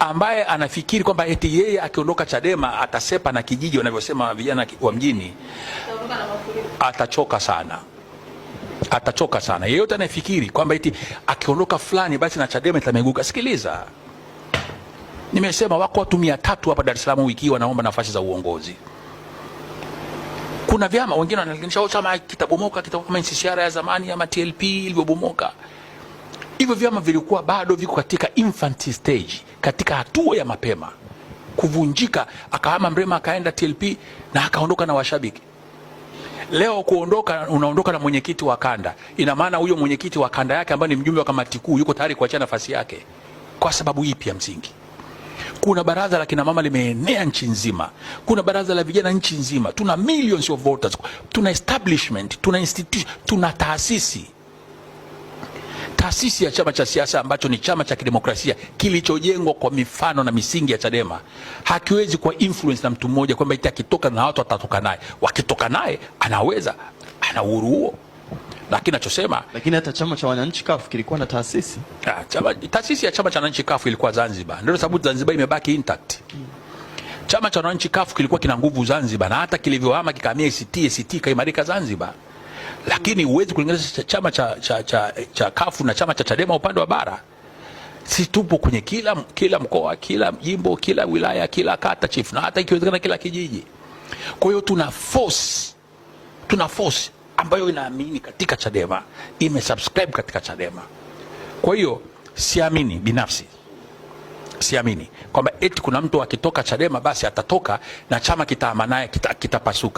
ambaye anafikiri kwamba eti yeye akiondoka Chadema atasepa na kijiji wanavyosema vijana wa mjini, atachoka sana, atachoka sana. Yeyote anayefikiri kwamba eti akiondoka fulani basi na Chadema itameguka, sikiliza, nimesema wako watu mia tatu hapa Dar es Salaam wiki hii wanaomba nafasi za uongozi. Kuna vyama wengine wanalinganisha oh, chama kitabomoka, kitabomoka kama NCCR ya zamani ama TLP ilivyobomoka hivyo vyama vilikuwa bado viko katika infant stage, katika hatua ya mapema kuvunjika. Akahama Mrema akaenda TLP na akaondoka na washabiki. Leo kuondoka, unaondoka na mwenyekiti wa kanda, ina maana huyo mwenyekiti wa kanda yake ambaye ni mjumbe wa kamati kuu yuko tayari kuachia nafasi yake kwa sababu ipi ya msingi? Kuna baraza la kina mama limeenea nchi nzima, kuna baraza la vijana nchi nzima, tuna millions of voters, tuna establishment, tuna institution, tuna taasisi taasisi ya chama cha siasa ambacho ni chama cha kidemokrasia kilichojengwa kwa mifano na misingi ya Chadema hakiwezi kwa influence na mtu mmoja kwamba eti akitoka na watu watatoka naye. Wakitoka naye anaweza, ana uhuru huo, lakini nachosema, lakini hata chama cha wananchi kafu kilikuwa na taasisi ha, ah, chama, taasisi ya chama cha wananchi kafu ilikuwa Zanzibar, ndio sababu Zanzibar imebaki intact Chama cha wananchi kafu kilikuwa kina nguvu Zanzibar, na hata kilivyohama kikahamia ACT, ACT kaimarika Zanzibar lakini huwezi kulinganisha chama cha, cha, cha, cha kafu na chama cha Chadema upande wa bara. Sisi tupo kwenye kila, kila mkoa, kila jimbo, kila wilaya, kila kata chief, na hata ikiwezekana kila kijiji. Kwa hiyo tuna force, tuna force ambayo inaamini katika Chadema, imesubscribe katika Chadema. Kwa hiyo siamini binafsi, siamini kwamba eti kuna mtu akitoka Chadema basi atatoka na chama kitaamanaye kitapasuka kita